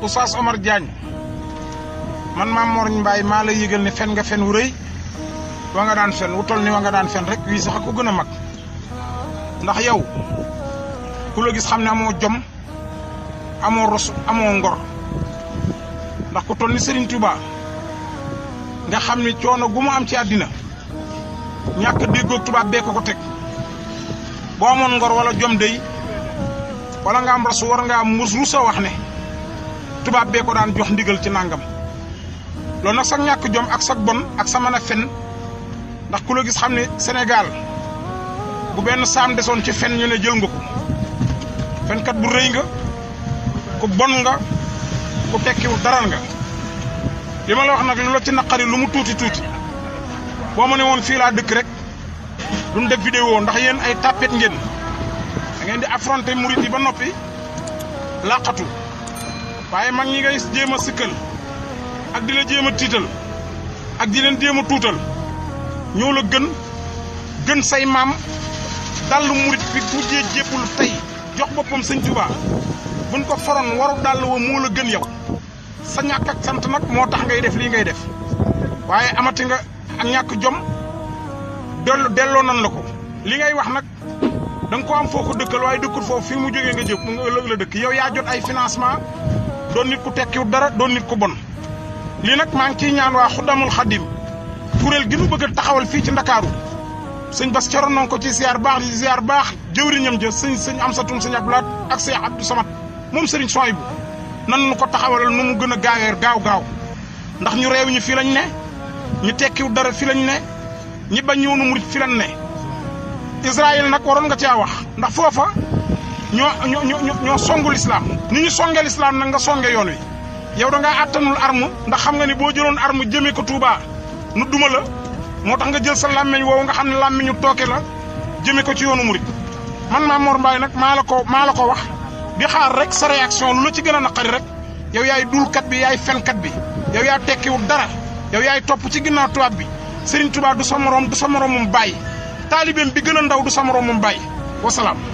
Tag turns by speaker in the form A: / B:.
A: Oustaz Omar Diagne man Mame Mor Mbaye maa lay yëgal ne fen nga fen wu rëy wa nga daan fen wu toll ni wa nga daan fen rek wii sax ko gën mag ndax yow ku la gis xam ne amoo jom amoo ros amoo ngor ndax ku toll ni Serigne Touba nga xam ni coono gumu am ci àddina ñàkk déggoog tubaab bee ko teg boo amoon ngor wala jom day wala nga am ros war ngaa mus rusa wax ne. tubaab bee ko daan jox ndigal ci nàngam loolu nag sax ñàkk jom ak sax bon ak sa mën a fen ndax ku la gis xam ne Sénégal bu benn saam desoon ci fen ñu ne jël nga ko fenkat bu rëy nga ku bon nga ku tekkiwul dara nga li ma la wax nag lu la ci naqari lu mu tuuti tuuti boo ma ne woon fii dëkk rek duñ def vidéo ndax yéen ay tapet ngeen da ngeen di affronter murit ba noppi laqatu. waaye mag ñi ngay jéem a sikkal ak di la jéem a tiital ak di leen jéem a tuutal ñoo la gën gën say maam dàll murit bi bu jee jéppul tey jox boppam sëñ Tuubaa buñ ko foroon waru dal wa moo la gën yow sa ñàkk sant nag moo tax ngay def lii ngay def waaye amati nga ak ñàkk jom dellu delloo nan la ko li ngay wax nag da nga ko am foo ko dëkkal waaye dëkkul foofu fii mu jógee nga jëpp la dëkk yow yaa jot ay financement doon nit ku tekkiwut dara doon nit ku bon lii nag maa ngi ciy ñaan waa Xuddamul Xadim kuréel gi nu bëgg taxawal fii ci Ndakaaru sëñ Bas Coro noo ko ci ziar baax di ziar baax jëwriñam ja sëñ sëñ Amsatoum sëñ Abdoulaat ak sëñ Abdou Samad moom sëriñ Soyibu nan nu ko taxawalal nu mu gën a gaaweer gaaw gaaw ndax ñu réew ñi fii lañ ne ñu tekkiwut dara fii lañ ne ñi bañ ñëw nu murit fii lañ ne Israël nag waroon nga caa wax ndax foofa. ñoo ñoo ñoo ñoo songu lislaam ni ñu songe lislaam nag nga songe yoon wi yow da ngaa àttanul armu ndax xam nga ni boo jëloon arme jëmee ko Touba nu duma la moo tax nga jël sa làmmiñ woowu nga xam ne làmmiñu tooke la jëmee ko ci yoonu murit man maa Mor Mbaye nag maa la ko maa la ko wax di xaar rek sa réaction lu la ci gën a naqari rek yow yaay dulkat bi yaay fenkat bi yow yaa tekkiwul dara yow yaay topp ci ginnaaw tubaab bi Serigne Touba du sa morom du sa moromum bàyyi taalibeem bi gën a ndaw du sa moromum bàyyi wasalaam.